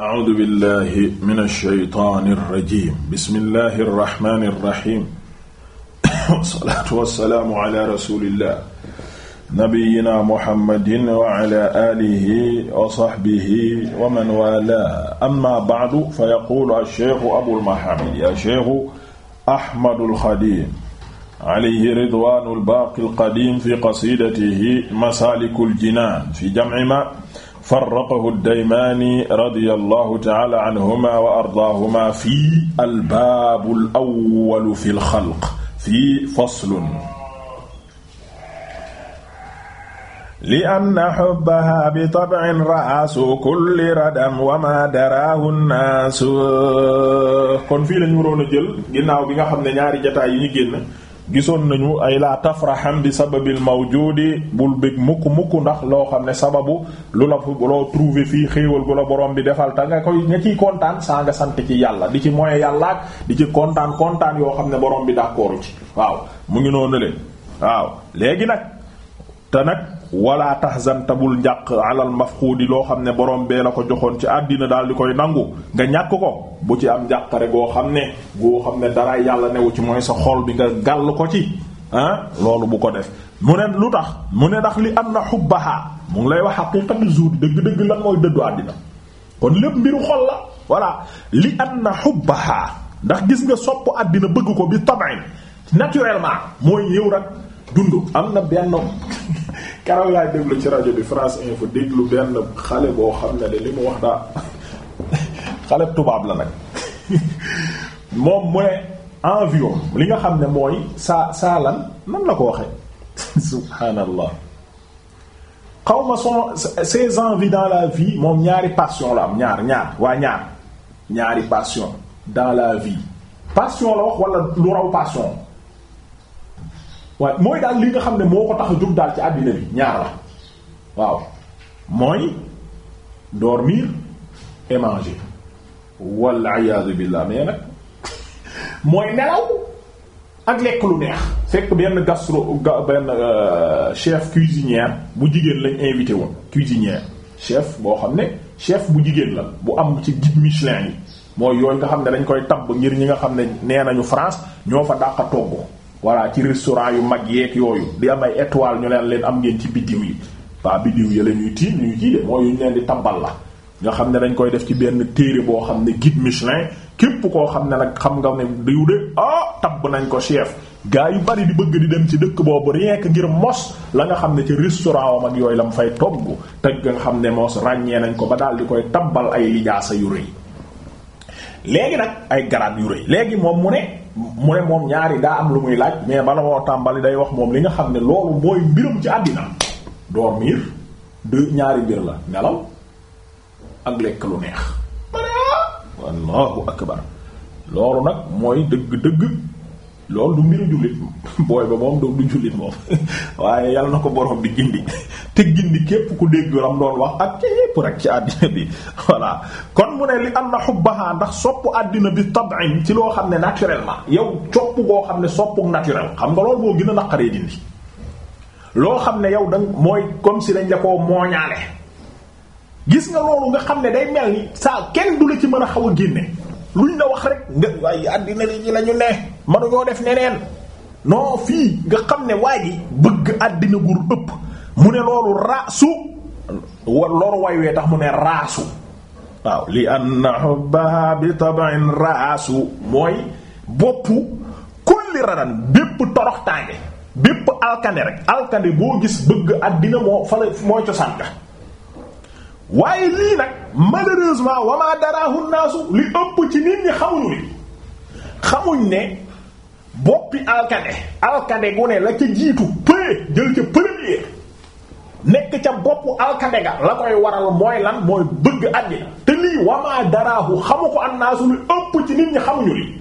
أعوذ بالله من الشيطان الرجيم بسم الله الرحمن الرحيم والصلاة والسلام على رسول الله نبينا محمد وعلى آله وصحبه ومن والاه أما بعد فيقول الشيخ أبو المحامد يا شيخ أحمد الخديم عليه رضوان الباقي القديم في قصيدته مسالك الجنان في جمع ما farraqahu ad-Daymaani radiyallahu ta'ala anhuma wa ardaahuma fi al-baab al-awwal fi al-xalq fi faslun li'anna hubbaha bi-tab'in ra'aasu kulli radam wa maa daraahu an-naasu kon fii lañu waroon a jël ginnaaw bi nga xam ne ñaari jotaay yi ñu génn gisoon nañu ay laa tafraham bi sababil mawjudi bul bég mukk mukk ndax loo xam ne sababu lu la loo trouvé fii xéewal bu la borom bi defal ta nga koy nga ciy kontaan saa nga sant ci yàlla di ci moye yàlla di ci kontaan kontaan yoo xam ne borom bi d'accord ci waaw mu ngi noonu leen waaw léegi nag te nag wala tahzan tabul njàq alal mafquudi loo xam ne borom bee la ko joxoon ci àddina daal di koy nangu nga ñàkk ko bu ci am njàqare goo xam ne goo xam ne dara yàlla newu ci mooy sa xol bi nga gàll ko ci ah loolu bu ko def mu ne lu tax mu ne ndax li am na xubbaha mu ngi lay wax xaqiiqatu zuhd dëgg-dëgg lan mooy dëddu àddina kon lépp mbiru xol la voilà li am na xubbaha ndax gis nga sopp àddina bëgg ko bi tabain naturellement mooy ñëw rek dund am na benn keroog laay déglu ci rajo bi France Info déglu benn xale boo xam ne de li mu wax daa xale tubaab la nag moom mu ne environ li nga xam ne mooy saa saa lan nan la ko waxee subhaanallah xaw ma son ses envies dans la vie moom ñaari passion la am ñaar ñaar waa ñaar ñaari passion dans la vie passion la wax wala lu raw passion waaye mooy daal li nga xam ne moo ko tax a jóg daal ci àddina bi ñaar la waaw mooy dormir et manger walla iyaazu billah mais nag mooy nelaw ak lekk lu neex fekk benn gastro benn euh, chef cuisinière bu jigéen lañ invité woon cuisinière chef boo xam ne chef bu jigéen la bu am ci guide Michelin yi mooy yooyu nga xam ne dañ koy tabb ngir ñi nga xam ne nee nañu France ñoo fa dàq togg voilà ci restaurant yu mag yeeg yooyu di am ay étoile ñu leen leen am ngeen ci biddiw yi waa biddiw yi la ñuy tiim ñuy jiide mooy yu ñu leen di tabal la nga xam ne dañ koy def ci benn téere boo xam ne guide Michelin képp koo xam ne nag xam nga ne diw de ah tabb nañ ko chef gaa yu bari bi bëgg di dem ci dëkk boobu rien que ngir mos la nga xam ne ci restaurant am ak yooyu la mu fay togg te nga xam ne mos ràññee nañ ko ba daal di koy tabbal ay lijaasa yu rëy nag ay garaat yu léegi moom mu ne mu ne moom ñaari daa am lu muy laaj mais bala moo tàmbali day wax moom li nga xam ne loolu mooy mbirum ci àddina dormir du ñaari mbir la nelaw ak lekk lu neex allahu akbar loolu nag mooy dëgg-dëgg loolu du mbiru jullit booy ba moom du jullit moom waaye yàlla na ko borom bi gindi te gindi képp ku dégg ram doon wax ak képp rek ci àddina bi voilà kon mu ne li am na xubbaha ndax sopp àddina bi tab'in ci loo xam ne naturellement yow sopp goo xam ne sopp naturel xam nga loolu boo gën a naqaree dindi loo xam ne yow danga mooy comme si dañ la koo mooñaale gis nga loolu nga xam ne day mel ni saa kenn du la ci mën a xaw a génne luñ la wax rek nga waaye àddina li ci la ñu ne mënuñoo def neneen non fii nga xam ne waa ji bëgg àddina gur ëpp mu ne loolu raasu loolu way wee tax mu ne raasu waaw li anna hubbaha bi tab'in raasu mooy boppu kulli radan bépp toroxtaange bépp alkande rek alkande boo gis bëgg àddina moo fala mooy cosaan nga waaye lii nag malheureusement wama daraahu naasu li ëpp ci nit ñi xamuñu li xamuñ ne boppi alkande alkande gu ne la ca jiitu përe jël ca premier nekk ca boppu alkande ga la koy waral mooy lan mooy bëgg àddina te lii wamaa daraahu xamu ko annaasu lu ëpp ci nit ñi xamuñu lii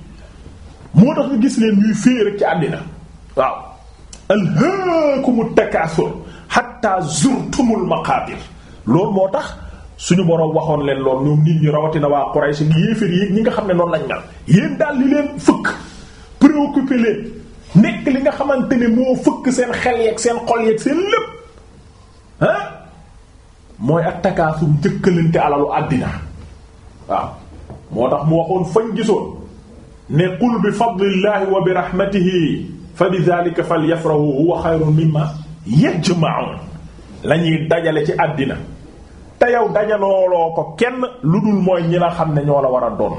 moo tax nga gis leen ñuy fée rek ci àddina waaw alhaakumu takaasur hatta zurtumul maqaabir loolu moo tax suñu boroom waxoon leen lool ñoom nit ñi rawatina waa Quraysh gi yéefér yi ñi nga xam ne noonu lañ mel yéen daal li leen fëkk préoccupé leen nekk li nga xamante ne moo fëkk seen xel yeeg seen xol yeeg seen lépp ah mooy ak takaasum jëkkalante alalu àddina waaw moo tax mu waxoon fañ gisoon ne qul bi fadlillahi wa bi rahmatihi fa bi dhalika falyafrahu huwa xayrun mimma yajma'un la ñuy dajale ci àddina te yow dajalooloo ko kenn lu dul mooy ñi la xam ne ñoo la war a doon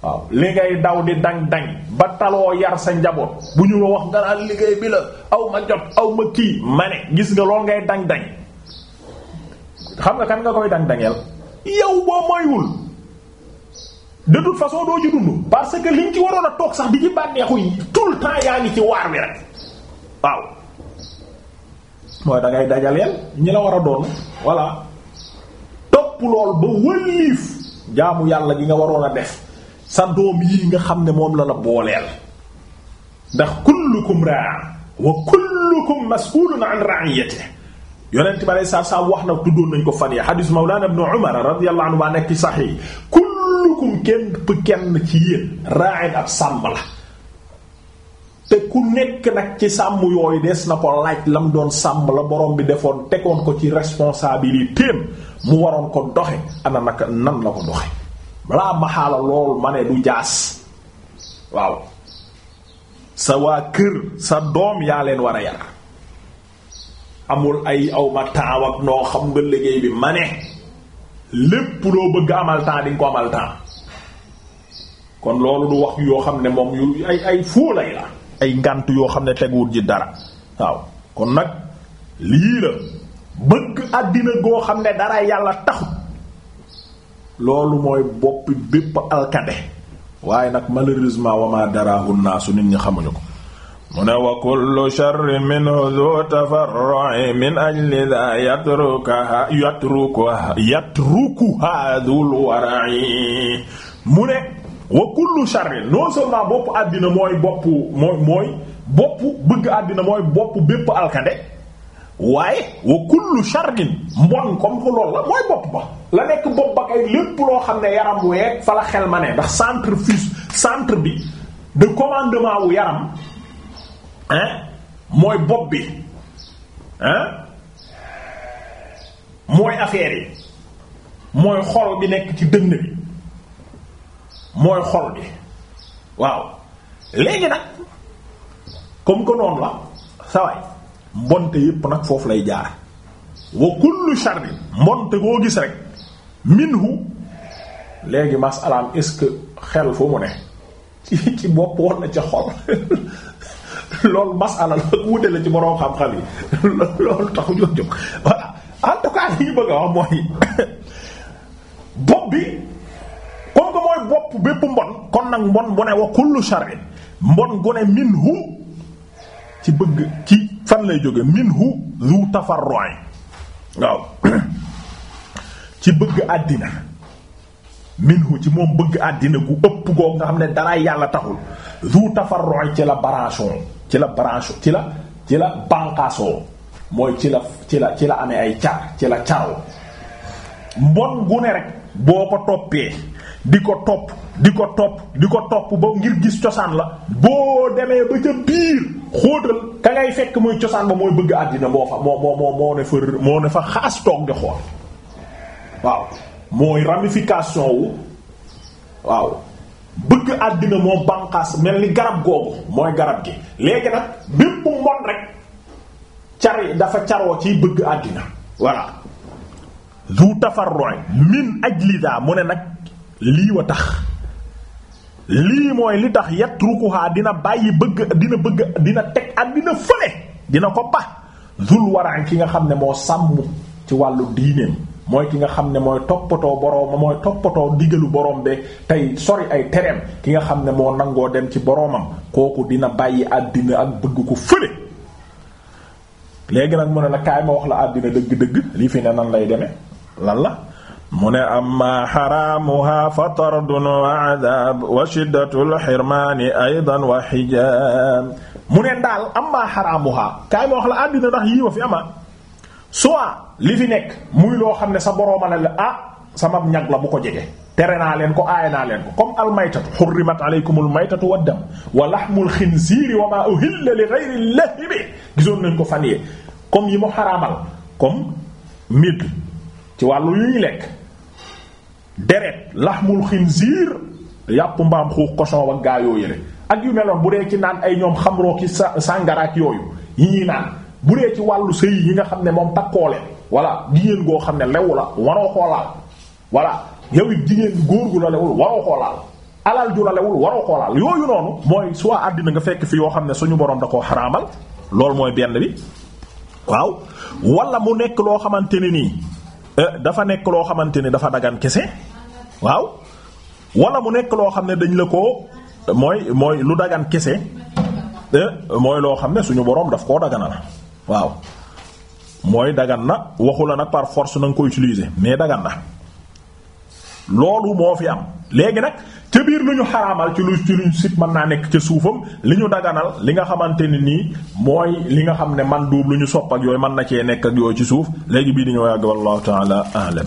waaw li ngay daw di dang-dang ba taloo yar sa njaboot bu ñu wax nga naan liggéey bi la aw ma jot aw kii ma ne gis nga lool ngay dang-dang xam nga kan nga koy dang-dangeel yow boo moywul de toute doo ci dund parce que liñ ci waroon a toog sax di ci bànneexu yi le temps yaa ngi ci waar war a doon voilà topp lool ba wëliif jaamu yàlla gi nga waroon a def sa doom yii nga xam ne moom la la booleel ndax kullukum raa wa kullukum mas'ulun an ra'iyatihi yonent bi saa saam wax na tuddoon nañ ko fan yi xadiis mawlana ibn umar radiyallahu anhu maa nekk saxi ci yéen raa'in ab sàmm la te ku nekk nag ci sàmm yooyu des na ko laaj lam doon sàmm la borom bi defoon tegoon ko ci responsabilitéem mu waroon ko doxe ana naka nan la ko doxe balaa maxaala lool ma ne du jaas waaw sa waa kër sa doom yaa leen war a yar amul ay aw ma ak noo xam nga liggéey bi ma ne lépp loo bëgg amal temps di nga ko amal kon loolu du wax yoo xam ne moom yu ay ay fóolay la ay ngant yoo xam ne teguwul ji dara waaw kon nag lii la bëgg àddina goo xam ne dara yàlla taxut loolu mooy boppi bépp alkade waaye nag malheureusement wama daraahu naasu nit ñi xamuñu ko mu ne wa kullu sharrin minhu dhu tafarru'i min ajli dha yatrukuha yatrukuha yatrukuha dhul wara'i mu ne wa kullu sharrin non seulement bopp àddina mooy bopp mooy bopp bëgg àddina mooy bopp bépp alkade waaye wa kullu sharrin mbon comme que loolu la mooy bopp ba la nekk bopp ba kay lépp loo xam ne yaram weeg fa la xel ma ne ndax centre fus centre bi de commandement wu yaram hein mooy bopp bi hein mooy affaire yi mooy xol bi nekk ci dënn bi mooy xol bi waaw léegi nag comme que noonu la saway mbonte yépp nag foofu lay jaar wa kullu sharrin mbonte boo gis rek minhu léegi masalaam est-ce que xel fu mu ne ci ci bopp war na ca xol loolu masala la wute la ci boroom xam-xam yi loolu taxu ñoo jóg voilà en bëgg a wax mooy bopp bi comme que mooy bopp bépp mbon kon nag mbon bu ne wa kullu sharrin mbon gu ne minhu ci bëgg ci fan lay jóge minhu zu tafarru'i waaw ci bëgg àddina minhu ci moom bëgg àddina gu ëpp goo nga xam ne dara yàlla taxul zu tafarru'i ci la ci la branche ci la ci banqaasoo mooy ci la ci la ci la amee ay car ci la caroo mbon gu ne boo ko toppee di ko topp di ko topp di ko topp ba ngir gis cosaan la boo demee ba ca biir xóotal ka ngay fekk muy cosaan ba mooy bëgg àddina moo fa moo moo moo moo ne fa moo ne fa xaas toog xool waaw mooy ramification wu waaw bëgg àddina moo banqaas mel ni garab googu mooy garab gi léegi nag bépp mbon rek cari dafa caroo ci bëgg àddina voilà zu tafarroy min ajli da mu ne nag lii wa tax lii mooy li tax yatrukuha dina bàyyi bëgg dina bëgg dina teg ak dina fële dina ko ba zul waraan ki nga xam ne moo sàmm ci wàllu diineem mooy ki nga xam ne mooy toppatoo borooma mooy toppatoo digalu boroom be tey sori ay tereem ki nga xam ne moo nangoo dem ci boroomam kooku dina bàyyi àddina ak bëgg ko fële léegi nag mu ne la kaay ma wax la àddina dëgg-dëgg lii fi ne nan lay deme lan la mu ne amma xaraamuha fa tardun wa adab wa ne daal amma xaraamuha kaay ma wax li fi nekk muy loo xam ne sa borooma la la ah sama ñag bu ko jege tere naa leen ko aaya naa leen ko comme almaytatu xurrimat aleykumul maytatu wa dam wa laxmul xinsiiri wa maa uhilla li gayri llahi bi gisoon nañ ko fan yee comme yi mu xaraamal comme mid ci wàllu yu ñu lekk deret laxmul xinziir yàpp mbaam xuux cochon wak gaa yoo yére ak yu meloon bu dee ci naan ay ñoom xamroo ki sàngaraak yooyu yi ñuy naan bu dee ci wàllu sëy yi nga xam ne moom takkoole voilà jigéen goo xam ne lewu la waroo xoolaal voilà yow it jigéen góor gu la lewul waroo xoolaal alal ju la lewul waroo xoolaal yooyu noonu mooy soit àddina nga fekk fi yoo xam ne suñu borom da koo xaraamal loolu mooy benn bi waaw wala mu nekk loo xamante ne nii eh, dafa nekk loo xamante ni dafa dagan kese waaw wala mu nekk loo xam ne dañ la ko mooy mooy lu dagan kese eh, mooy loo xam ne suñu boroom daf koo daganal waaw mooy dagan na waxu la nag par force na ko utiliser mais dagan na loolu moo fi am léegi nag ca biir lu ñu xaraamal ci lu ci luñ sit mën naa nekk ca suufam li ñu daganal li nga xamante ne nii mooy li nga xam ne man duub lu ñu sopp ak yooyu mën na cee nekk ak yooyu ci suuf léegi bii di ñëw yàgg wallahu ta'ala a'lam